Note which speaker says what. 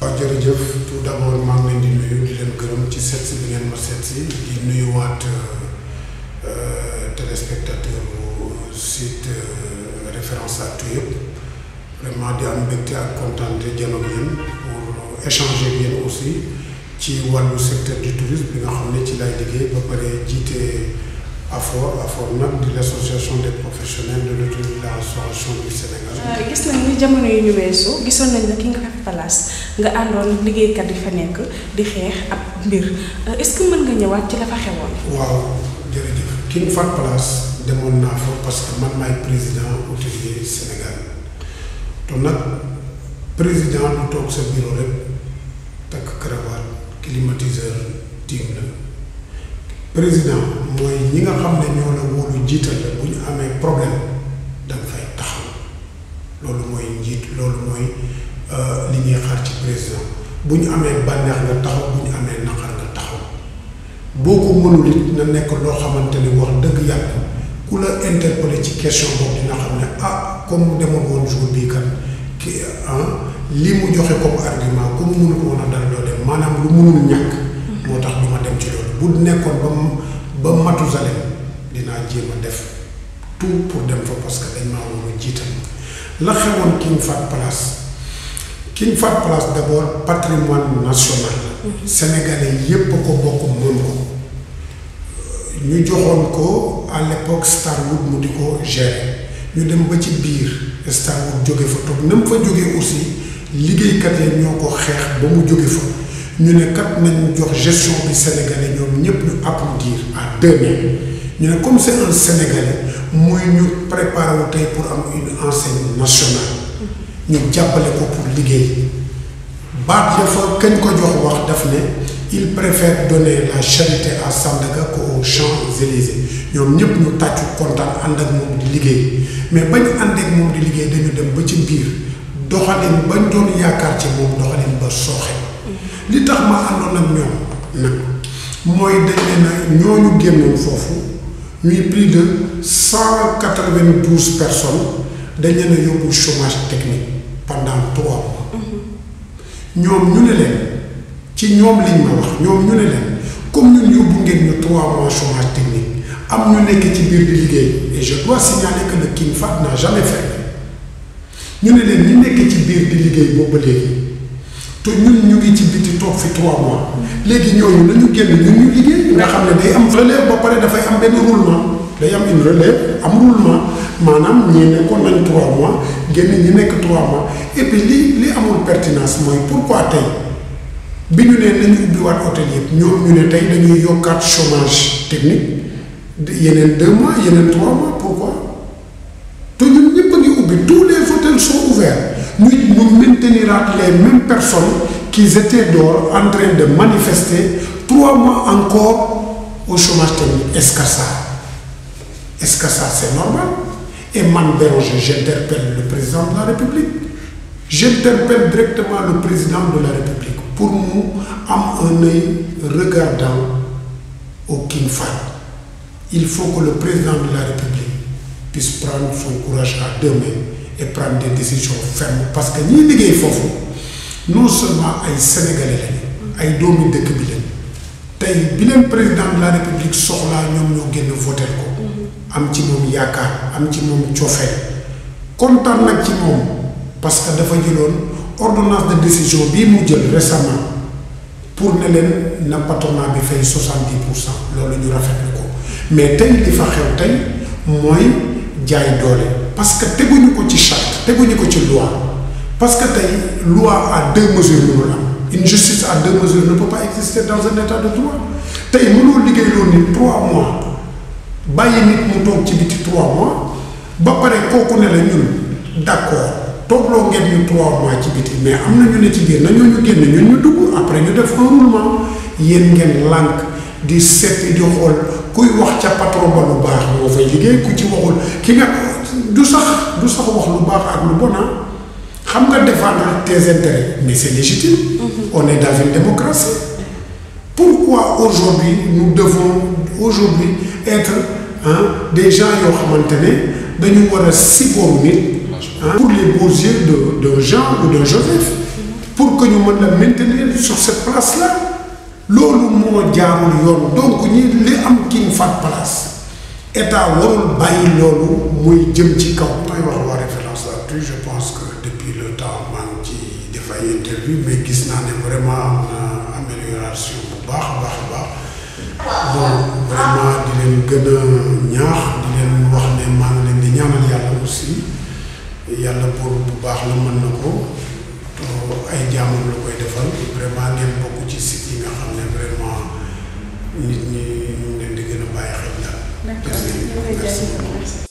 Speaker 1: waaw jërëjëf tout d'abord maa ngi leen di nuyu di leen gërëm ci seet si bi ngeen ma seet si di nuyuwaat euh, euh, téléspectateur bu site euh, référence actu yëpp vraiment di am mbégte ak kontaan te janoog yéen pour échanger yéen aussi ci wàllu secteur du tourisme bi nga xam ne ci lay liggéey ba pare jiite. AFOR AFOR nag di l' association des professionnels de l' de la euh, jamono yu ñu weesu gisoon nañ la ki nga fekk liggéeykat yi fa nekk di xeex ab mbir euh, ce que mën nga ñëwaat ci la fa xewoon. waaw jërëjëf ki nga fekk place demoon toog sa bureau rek takk cravate climatiseur tiim la président. mooy ñi nga xam ne ñoo la wóolu jiital la bu ñu amee problème danga fay taxaw loolu mooy njiit loolu mooy euh, li ñuy xaar ci président bu ñu amee bànneex nga taxaw bu ñu amee naqar nga taxaw boo ko mënul it na nekk loo xamante ni wax dëgg yàlla ku la interpellé ci question boobu dina xam ne ah comme demoon woon jour bii kat ki ah, li mu joxe comme argument comme mënul ko woon a doo dem maanaam lu mënul ñàkk moo tax du ma dem ci loolu bu nekkoon ba ba Matusalem dinaa jéem a def tout pour dem fa parce que dañ maa war la xewoon King Fahd Palace King Fahd Palace d'abord patrimoine national la mhm. sénégalais yépp ko bokk moom ko ñu joxoon ko à l'époque Starwood mu di ko gérer ñu dem ba ci biir Starwood jóge fa toog na mu fa jógee aussi liggéeykat yi ñoo ko xeex ba mu jóge fa ñu ne kat nañu jox gestion bi sénégalais ñoom ñëpp ñu applaudir à deux ñu ne comme se un sénégalais muy ñu préparé wu tey pour am une enseigne nationale ñu jàppale ko pour liggéey baat dafa kenn ko jox wax daf ne il préfère donner la charité à Sandaga qu'aux Champs-Élysées ñoom ñëpp ñu tàccu kontaan ànd ak moom di liggéey mais bañ ànd ak moom di liggéey dañu dem ba ci biir doxalin bañ doon yaakaar ci moom doxalin ba sooxe li tax ma àndoon ak ñoom nag mooy dañ ne nag ñooñu génnoon foofu ñuy plus de cent quatre-vingt-douze personnes dañ leen a yóbbu chômage technique pendant trois mois ñoom ñu ne leen ci ñoom liñ ma wax ñoom ñu ne leen comme ñun yóbbu ngeen ñu trois mois chômage technique am ñu nekk ci biir di liggéey et je ne leen ñi nekk ci biir liggéey boobu te ñun ñu ngi ci biti toog fi trois mois léegi ñooñu nañu génn ñun ñu liggéey nga xam ne day am relève ba pare dafay am benn roulement day am une relève am roulement maanaam ñi ko nañ trois mois génn ñi nekk trois mois et li li amul pertinence mooy pourquoi tey bi ñu ne nañu ubbiwaat hôtel yëpp ñoom ñu ne tey dañuy yokkaat chômage technique yeneen deux yeneen trois mois pourquoi te ñun ñëpp a ngi ubbi tous les hôtels sont muy mu maintenir les mêmes personnes qui étaient dehors en train de manifester trois mois encore au chômage technique est-ce que est-ce que ça c'est normal et man Béranger j'interpelle le président de la République j'interpelle directement le président de la République pour mu am un œil regardant au King Fahd il faut que le président de la République puisse prendre son courage à deux mains et prendre des décisions fermes parce que ñiy liggéey foofu non seulement ay sénégalais lañu ay doomi dëkk bi lañu tey bi leen président de la république soxlaa ñoom ñoo génn voté ko am ci moom yaakaar am ci moom coofeel kontaan nag ci moom parce que dafa jëloon ordonnance de décision bii mu jël récemment pour ne leen na patronat bi fay soixante-dix pour cent loolu ñu rafetlu ko mais tey li fa xew tey mooy. jaay doole parce que teguñu ko ci charte teguñu ko ci loi parce que tey loi à deux mesures mënul am une justice à deux mesures ne peut pas exister dans un état de droit tey mënoo liggéeyloo nit trois mois bàyyi nit mu toog ci biti trois mois ba pare kooku ne la ñun d'accord toogloo ngeen ñu trois mois ci biti mais am na ñu ne ci biir nañoo ñu génn ñun ñu dugg après ñu def un roulement yéen ngeen lànk di seet di xool kuy wax ca patron ba lu baax moo fay liggéey ku ci waxul ki nga du sax du sax wax lu baax ak lu bon ah. xam nga défendre te intérêts mais c'est légitime. Mm-hmm. on est dans une démocratie. pourquoi aujourd'hui nous devons aujourd'hui être des gens yoo xamante ne dañu war a siboor nit. pour les beaux yeux de Jean ou d'un Joseph. Mm-hmm. pour que ñu mën la maintenir sur cette place-là. loolu moo jaarul yoon donc ñi li am king fat place état warul bàyyi loolu muy jëm ci kaw. mooy wax waa référence là-dessus je pense que depuis le temps maa ci def interview mais gis naa ne vraiment am na amélioration bu baax a baax baax bon vraiment di leen gën a ñaax di leen wax ne maa leen di ñaanal yàlla aussi yàlla pour bu baax la mën na ko. ay jaamam la koy defal vraiment ngeen bokk ci site yi nga xam ne vraiment nit ñi ñu leen di gën a bàyyi xel daal.